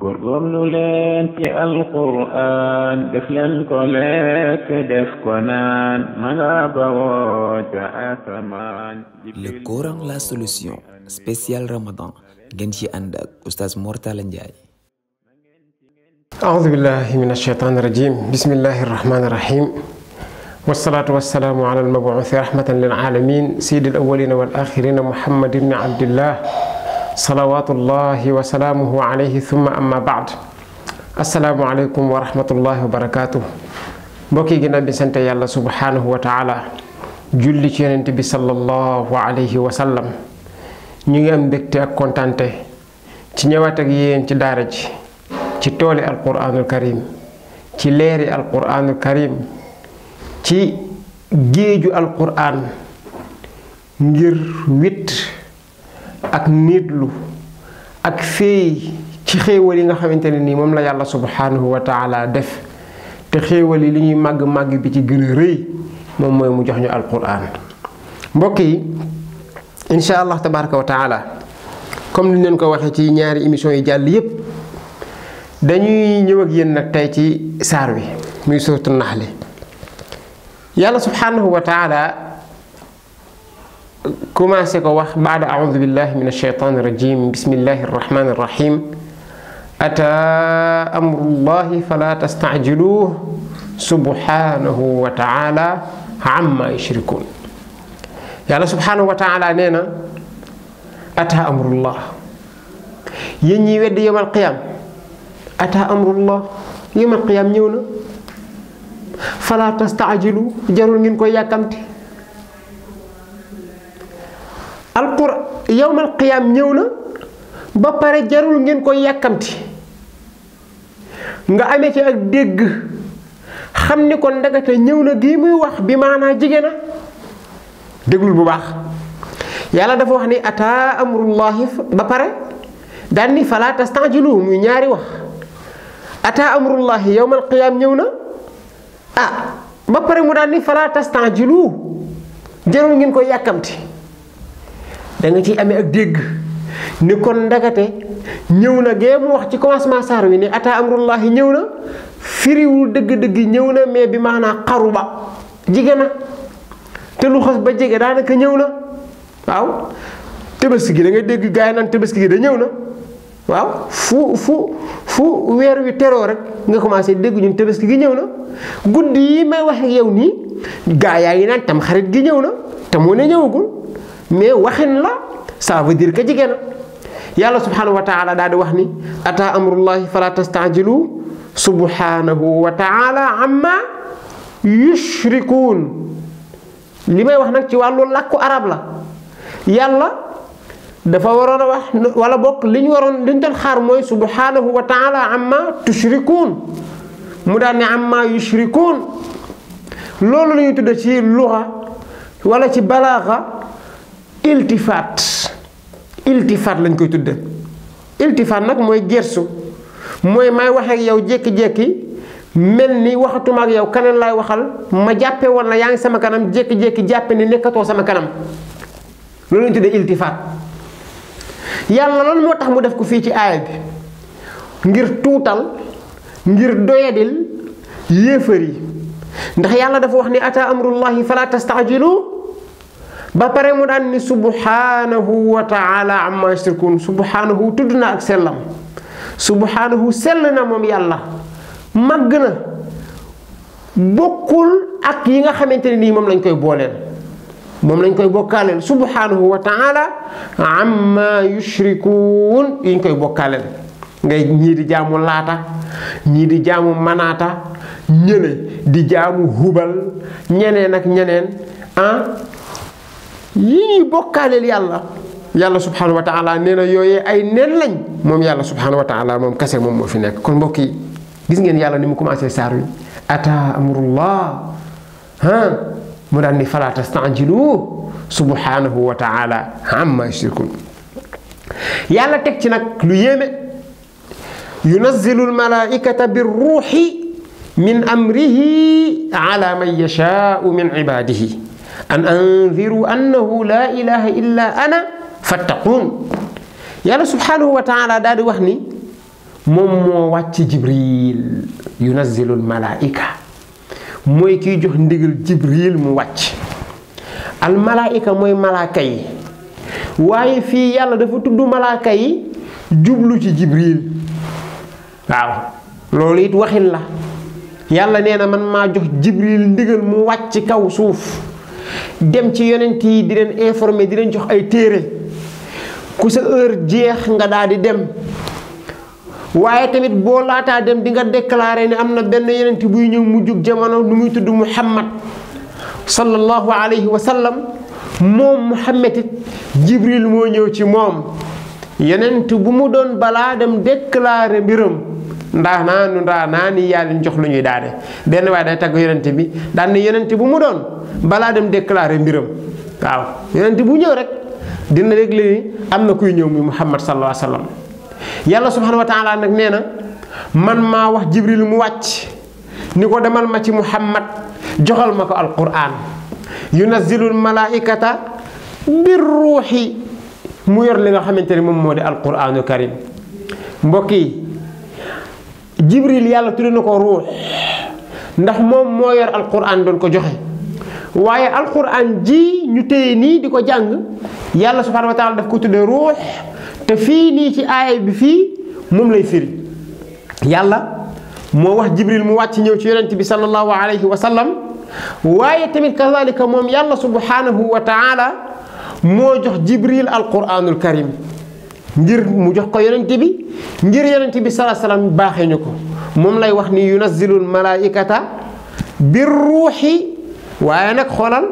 قرن في القرآن دفل القلاك دف قنان مغابا وتعثمان لكورن لا سلوسيون سبيسيال رمضان جنشي عندك أستاذ مورتا لنجاي أعوذ بالله من الشيطان الرجيم بسم الله الرحمن الرحيم والصلاة والسلام على المبعوث رحمة للعالمين سيد الأولين والآخرين محمد بن عبد الله salawaatullahi wa salaamuhu alayhi thumma amma baad wa rahmatullahi wa barakaatu. mbokk yi ginnaaw sant yàlla subhaanahu wa taala julli ci yonent bi sallallahu alayhi wa sallam ñu ngi am mbégte ak kontante ci ñëwaat ak yéen ci daara ji ci tooli alquraanul karim ci leeri alquraanul karim ci géeju alquraan ngir witt. ak niitlu ak féey ci xéewal yi nga xamante ne nii moom la yàlla subhaanahu wa taala def te xéewal yi li ñuy màgg màgg bi ci gën a rëy moom mooy mu jox ñu alquran mbokk yi incha allah tabaraka wa taala comme ni leen ko waxee ci ñaari émission yi jàll yépp dañuy ñëw ak yéen nag tey ci saar wi muy suuratu naxli yàlla subhaanahu wa commencé ko wax baada aoudu billahi min alsheytan irajim bismillahi arrahmani irrahim ataa amrullahi fala tastaajiluuh subhanahu wa taala amma yushrikun yàlla subhanahu wa taala nee na ataa amrullah yéen ñiy weddi yowm alqiyam ataa amrullah yowm alqiyam ñëw na fala tastaajilu jarul ngeen koy yàkkamte alqur yowmal qiyaam ñëw na ba pare jarul ngeen koy yàkkamti nga amee ci ak dégg xam ni ko ndagate ñëw na gii muy wax bi maanaa jigéen a déglul bu baax yàlla dafa wax ni ataa amrullahi ba pare daan ni fala tastajilu muy ñaari wax ataa amrullahi yowmal qiyaam ñëw na ah ba pare mu daan ni fala tastajilu jarul ngeen koy yàkkamti da nga ciy amee ak dégg ni kon ndakate ñëw na gee mu wax ci commencement saar wi ni ata amrullahi ñëw na firiwul dëgg-dëgg ñëw na mais bi maanaa xaru ba jige na te lu xas ba jege daanaka ñëw na waaw tabaski gi da dégg gaay naan gi da ñëw na waaw fu fu fu weer wi teroo rek nga commencé dégg ñun tabaski gi ñëw na guddi yi may wax ak yow nii gaay yaa ngi naan tam xarit gi ñëw na te moo ne ñëwagul mais waxin la ça veut dire que jigéen na yàlla subhanahu wa taala daal di wax ni ata amrullahi fala tastaajilu subhanahu wa taala amma yushrikuun li may wax nag ci wàllu làkku arab la yàlla dafa waroon a wax wala bokk li ñu waroon li ñu xaar mooy subhanahu wa taala amma tushrikuun mu daan ne amma yushrikuun loolu la ñuy tudde ci luxa wala ci balaaxa iltifaat iltifaat lañ koy tudde iltifaat nag mooy gersu mooy may wax ak yow jékki-jékki mel ni waxatuma ak yow kaneen laay waxal ma jàppe woon la yaa ngi sama kanam jékki-jékki jàppe ni nekkatoo sama kanam loolu lañ tuddee iltifaat yàlla loolu moo tax mu def ko fii ci aaya bi ngir tuutal ngir doyadil yéefar yi ndax yàlla dafa wax ni ata amrullahi fala tastaajilu ba pare mu daan ni subhaanahu wa taala amma yushrikun subhaanahu tudd na ak sellam subhaanahu sell na moom yàlla màgg na bokkul ak yi nga xamante ni nii moom lañ koy booleel moom lañ koy bokkaaleel subhaanahu wa taala amma yushrikun yi ñu koy bokkaaleel ngay ñii di jaamu laata ñii di jaamu manaata ñële di jaamu hubal ñeneen ak ñeneen ah, yii ñuy bokkaaleel yàlla yàlla subhanahu wa taala nee na yooyee ay neen lañ moom yàlla subhanahu wa taala moom kese moom moo fi nekk kon mbokk gis ngeen yàlla ni mu commencé saar wi ata amrullah ah mu daan ni fala tastajilu subhanahu wa taala amma yushrikun yàlla teg ci nag lu yéeme yunazzilu almalaikata birruuxi min amrihi ala man yashaau min ibadihi an andiru annahu la ilaha illa ana fattaquun yàlla subhaanahu wa taala daal di wax ni moom moo wàcc jibril yunazzilul malaa'ika mooy kiy mu wàcc al malaa'ika mooy malaaka yi waaye fii yàlla dafa tudd malaaka yi jublu ci jibril waaw loolu it waxin la yàlla nee na man maa jox jibril ndigal mu wàcc kaw suuf dem ci yonent yi di leen informé di leen jox ay téere ku sa heure jeex nga daal di dem waaye tamit boo laataa dem dinga nga déclarer ne am na benn yonent buy ñëw mu jug jamono lu muy tudd Muhammad sallallahu alayhi wa sallam moom Muhammad it Jibril moo ñëw ci moom yonent bu mu doon balaa dem déclarer mbiram. ndax na nu ndaa na ni yàlla ñu jox lu ñuy daane benn waaye day tag yonent bi daan ni yonent bu mu doon bala dem déclarer mbiram waaw yonent bu ñew rek dina rek li amna kuy ñew mu muhammad sallallahu Alaihi wasallam yalla subhanahu wa taala nak neena man ma wax jibril mu wacc ni ko demal ma ci muhammad joxal mako alquran yunazzilul malaikata bir ruhi mu yor li nga xamanteni mom modi alquranul karim mbokki jibril yàlla tudde na ko ruux ndax moom moo yor alquran doon ko joxe waaye alquran ji ñu téye nii di ko jàng yàlla subhaana wa taala daf ko tudde ruux te fii nii ci aaya bi fii moom lay firi yàlla moo wax jibril mu wàcc ñëw ci yonent bi sallallahu alayhi wa sallam waaye tamit kazalika moom yàlla subhaanahu wa taala moo jox jibril alquranul karim ngir mu jox ko yonent ngir yonent bi salaa salaam baaxee ñu ko moom lay wax ni yunazzilul malaaikata bir ruuxi waaye nag xoolal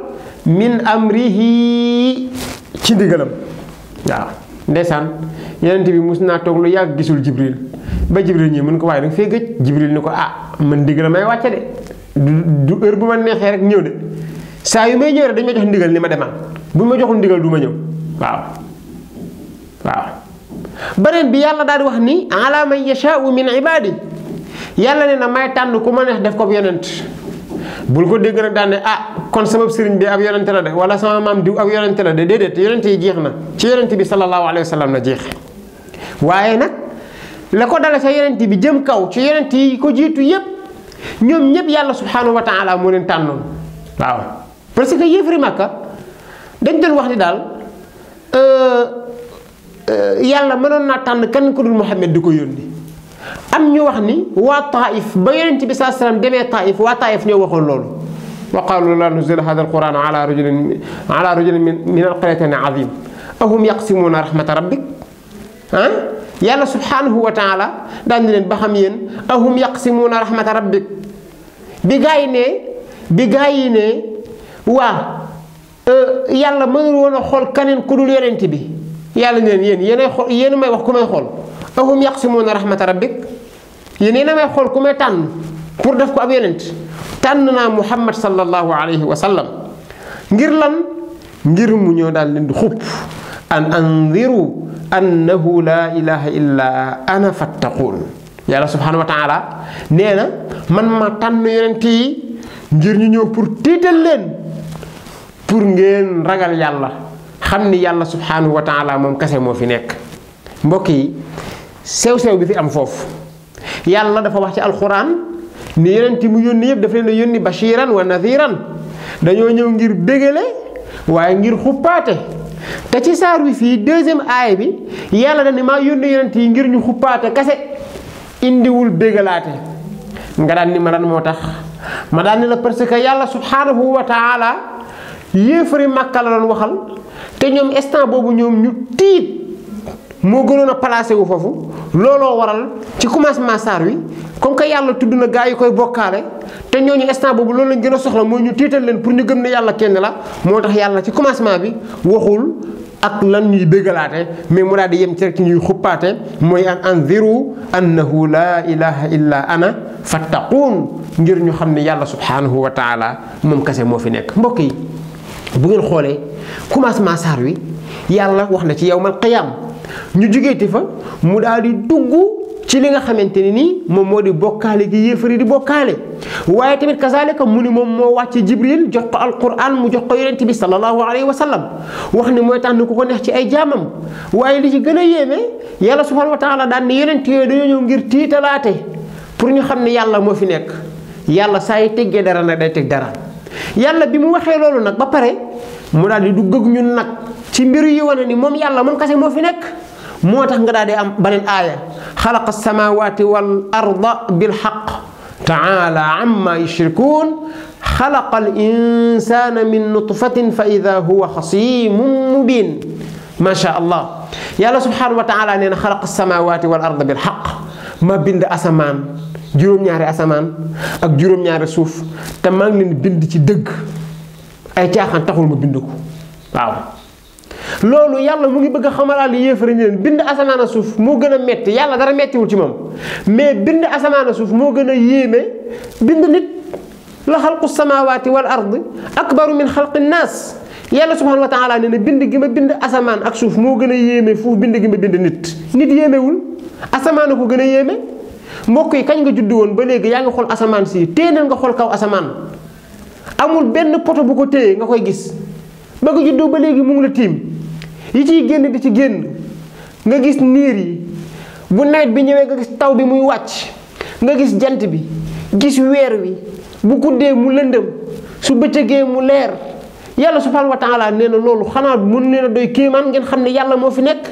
min amrihi ci ndigalam waaw ndeysaan yonent bi mus naa toog lu yàgg gisul jibril ba jibril ñi mën ko waaye rek fee gëj jibril ni ko ah man ndigalam may wàcce de du heure bu ma neexee rek ñëw de saa yu may ñëw rek dañ ma jox ndigal ni ma demal bu ma joxul ndigal du ma ñëw waaw waaw beneen bi yàlla daal di wax ni ala man yashaau min ibaadi yàlla ne na may tànn ku ma neex def ko yonent bul ko dégg nag daan ne ah kon sabab sëriñ bi ab yonente la de wala sama maam diw ab yonente la de déedéet yonente yi jeex na ci yonente bi sallallahu alayhi wa sallam la jeex waaye nag la ko dala sa yonente bi jëm kaw ci yonente yi ko jiitu yépp ñoom ñëpp yàlla subhanahu wa taala moo leen tànnoon waaw parce que yëfri màkka dañ doon wax ni daal euh, Eh, yàlla mënoon naa tànn kenn ku dul Muhammad di ko yónni am ñu wax ni waa Taif ba yonent bi saa salaam demee Taif waa Taif ñoo waxoon loolu wa qaalu laa nuzila hada alquran ala leen ba xam yéen ahum yaqsimuuna rahmata rabbik bi gaa yi ne bi gaa yi ne waa eh, yàlla mënul woon xool keneen ku dul bi yàlla neen yéen yéenay xool may wax ku may xool ahum yaqsimuuna rahmata rabbik yéen yéen a may xool ku may tànn pour def ko ab yonent tànn naa muhammad sallallahu alayhi wa sallam ngir lan ngir mu ñëw daal leen di xupp an andiru annahu laa ilaha ana fattaquun yàlla subhanahu wa nee na man ma tànn yonent yi ngir ñu ñëw pour tiital leen pour ngeen ragal yàlla xam ni yàlla subhanahu wa taala moom kese moo fi nekk mbokk yi sew-sew bi fi am foofu yàlla dafa wax ci alxuraan ni yeneen ti mu yónni yëpp dafa leen a yónni bashiran wa nadhiran dañoo ñëw ngir bégale waaye ngir xuppaate te ci saar wi fii deuxième aay bi yàlla dañu maa yónni yonent yi ngir ñu xuppaate kase indiwul bégalaate nga daan ni ma lan moo tax ma daan ni la parce que yàlla subhanahu wa taala yéefari màkka la doon waxal te ñoom instant boobu ñoom ñu tiit moo gënoon a placé wu foofu looloo waral ci commencement saar wi comme que yàlla tudd na gaa yi koy bokkaale te ñooñu instant boobu loolu lañ gën a soxla mooy ñu tiital leen pour ñu gëm a yàlla kenn la moo tax yàlla ci commencement bi waxul ak lan ñuy bëggalaate mais mu daal di yem ci rek ñuy xuppaate mooy an anziru annahu laa ilaha illa ana fattaquun ngir ñu xam ne yàlla subhanahu wa taala moom kese moo fi nekk mbokk yi bu ngeen xoolee commencement saar wi yàlla wax na ci yow man qiyaam ñu jógeeti fa mu daal di dugg ci li nga xamante ne nii moom moo di bokkaale gi yéefari di bokkaale waaye tamit kazalika mu ni moom moo wàcce jibril jox ko alquran mu jox ko yonent bi sallallahu alayhi wa sallam wax ni mooy tànn ku ko neex ci ay jaamam waaye li ci gën a yéeme yàlla subhanahu wa taala daan ni yonent yooyu dañoo ñëw ngir tiitalaate pour ñu xam ne yàlla moo fi nekk yàlla saa yi teggee dara nag day teg dara yàlla bi mu waxe lolou nak ba pare mu dal di dugg ñun nak ci mbir yi wone ni mom yàlla mom kasse mo fi nek motax nga dal di am beneen aaya xalaqa samawati wal arda bil haqq taala amma yushrikun خلق الإنسان من نطفة فإذا هو خصيم مبين ما شاء الله يا الله سبحانه وتعالى أن خلق السماوات والأرض بالحق ma bind asamaan juróom-ñaari asamaan ak juróom-ñaari suuf te maa ngi bind ci dëgg ay caaxaan taxul ma bind ko waaw loolu yàlla mu ngi bëgg a xamalaal yéefar ñi leen bind asamaan a suuf moo gën a metti yàlla dara mettiwul ci moom mais bind asamaan suuf moo gën a yéeme bind nit la xalqu samaawaati wal ard akbaru min xalqi naas yàlla subhanahu wa taala bind gi ma bind asamaan ak suuf moo gën a yéeme fuuf bind gi ma bind nit nit yéemewul asamaan a ko gën a yéeme mbokk yi kañ nga juddu woon ba léegi yaa ngi xool asamaan si téenal nga xool kaw asamaan amul benn poto bu ko téye nga koy gis ba nga juddoo ba léegi mu ngi la tiim yi ciy génn di ci génn nga gis niir yi bu nawet bi ñëwee nga gis taw bi muy wàcc nga gis jant bi gis weer wi bu guddee mu lëndëm su bëccëgee mu leer yàlla subhaanahu wa taala nee na loolu xanaa mun nee na doy kéemaan ngeen xam ne yàlla moo fi nekk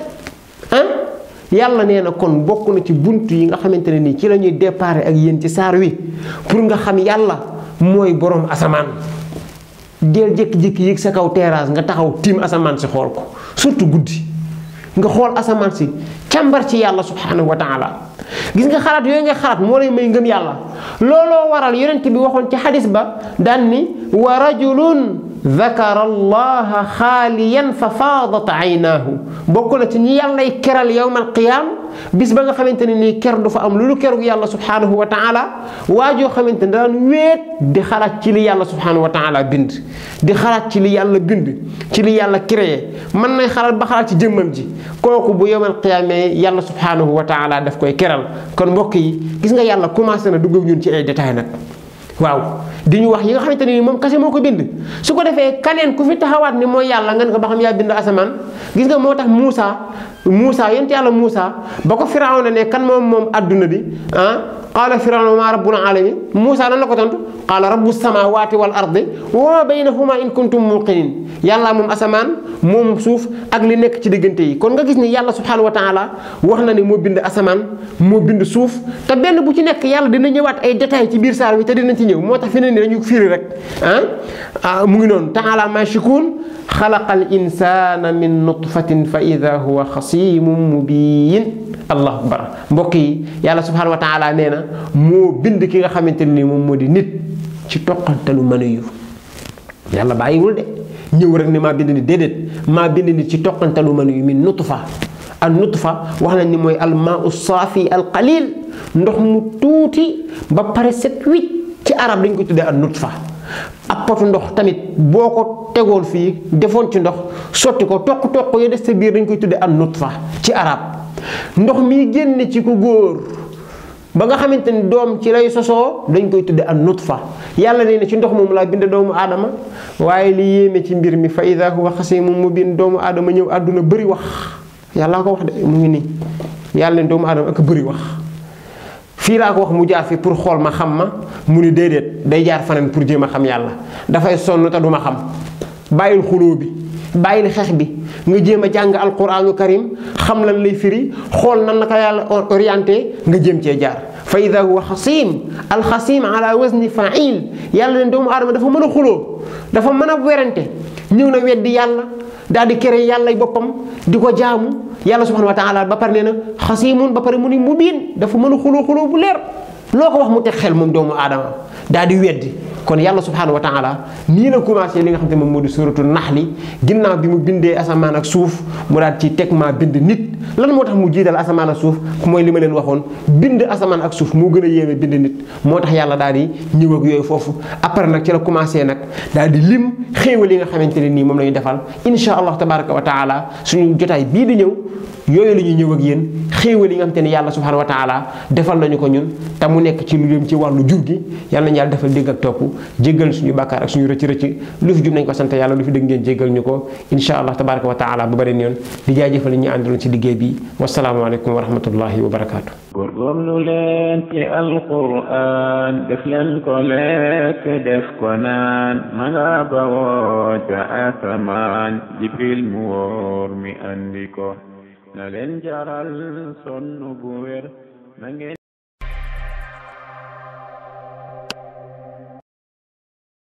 yàlla nee na kon bokk na ci bunt yi nga xamante ne nii ci la ñuy déparé ak yéen ci saar wi pour nga xam yàlla mooy boroom asamaan deel jékki-jékki yéeg sa kaw terrasse nga taxaw tiim asamaan si xool ko surtout guddi nga xool asamaan si càmbar ci yàlla subhanahu wa taala gis nga xalaat yooyu nga xalaat moo lay may ngëm yàlla looloo waral yonent bi waxoon ci xadis ba daan ni wa rajulun dakara allaha xaaliyan fa faadat aynaahu bokk na ci ñi yàllay keral yowmal qiyaam bis ba nga xamante ne nii ker du fa am lu lu kerug yàlla subhaanahu wa taala waa joo xamante ne daan wéet di xalaat ci li yàlla subhaanahu wa taala bind di xalaat ci li yàlla bind ci li yàlla créé mën nay xalaat ba xalaat ci jëmmam ji kooku bu yowmal qiyaamee yàlla subhaanahu wa taala daf koy keral kon mbokk yi gis nga yàlla commencé na dugg ñun ci ay détails nag waaw di ñu wax yi nga xamante ne ni moom kese moo ko bind su ko defee kaneen ku fi taxawaat ni mooy yàlla nga ne ko ba xam yaa bind asamaan gis nga moo tax Moussa Moussa yonent yàlla Moussa ba ko Firawna ne kan moom moom adduna bi ah qaala Firawna maa rabbul alamin Moussa lan na ko tontu qaala rabbu samawati wal ardi wa baynahuma in kuntum muqinin yàlla moom asamaan moom suuf ak li nekk ci diggante yi kon nga gis ni yàlla subhanahu wa taala wax na ne moo bind asamaan moo bind suuf te benn bu ci nekk yàlla dina ñëwaat ay détails ci biir saar wi te dina ci ñëw moo tax fi ne ni dañu firi rek ah, ah mu ngi noonu taala ma shikun xalaqa al insana min nutfatin taqsiimun mubiin allahu akbar mbokk yi yàlla subhaanahu wa taala nee na moo bind ki nga xamante ne ni moom moo di nit ci toqantalu manuyu yàlla bàyyiwul de ñëw rek ni maa bind ni déedéet maa bind nit ci toqantalu manuyu min nutfa al nutfa wax nañ ni mooy al maa u saafi al qalil ndox mu tuuti ba pare set wicc ci arab dañ ko tuddee al nutfa ab ndox tamit boo ko tegoon fii defoon ci ndox sotti ko toq toq ya des sa biir dañ koy tuddee an nutfa ci arab ndox mi génn ci ku góor ba nga xamante ni doom ci lay sosoo dañ koy tudde nut fa yàlla nee na ci ndox moomu laa bind doomu aadama waaye li yéeme ci mbir mi fa ida huwa xasiimun mubiin doomu aadama ñëw àdduna bëri wax yàlla ko wax de mu ngi nii yàlla ne doomu aadama ak bëri wax fii laa ko wax mu jaar fi pour xool ma xam ma mu ni déedéet day jaar faneen pour jéem a xam yàlla dafay sonn te du bàyyil xuloo bi bàyyil xeex bi nga jéem a jàng al alquraanu karim xam lan lay firi xool nan la ko yàlla orienté nga jéem cee jaar fa ida huwa xasim alxasim ala wazni fail yàlla leen doomu aadama dafa mën a xuloo dafa mën a werante ñëw na weddi yàlla daal di kere yàlla boppam di ko jaamu yàlla subhanahu wa taala ba pare nee na xasimun ba pare mu ni mu mubiin dafa mën a xuloo xuloo bu leer loo ko wax mu teg xel moom doomu aadama daal di weddi kon yàlla subhaanahu wa taala nii la commencé li nga xam te moom moo di suratu naxli ginnaaw bi mu bindee asamaan ak suuf mu daal ci teg maa bind nit lan moo tax mu jiital asamaan ak suuf mooy li ma leen waxoon bind asamaan ak suuf moo gën a yéeme bind nit moo tax yàlla daal di ñëw yooyu foofu après nag ci la commencé nag daal di lim xéewal yi nga xamante ne nii moom la ñu defal insha allah tabaraka wa taala suñu jotaay bii di ñëw yooyu la ñuy ñëw ak yéen xéewal yi nga xamante ne yàlla subhaanahu wa taala defal nañu ko ñun te mu nekk ci lu ci wàllu jur gi yàlla nañu yàlla defal dégg ak topp jéggal suñu bakkar ak suñu rëcc lu fi nañ ko sant yalla lu fi ngeen jéggal ñuko inshallah tabarak wa taala bu bari ñoon di jaajëfal ñi àndaloon ci liggey bi alaykum wa rahmatullahi wa lu len ci alquran def len ko lek def ko nan ma nga mi andiko na len jaral sonu bu na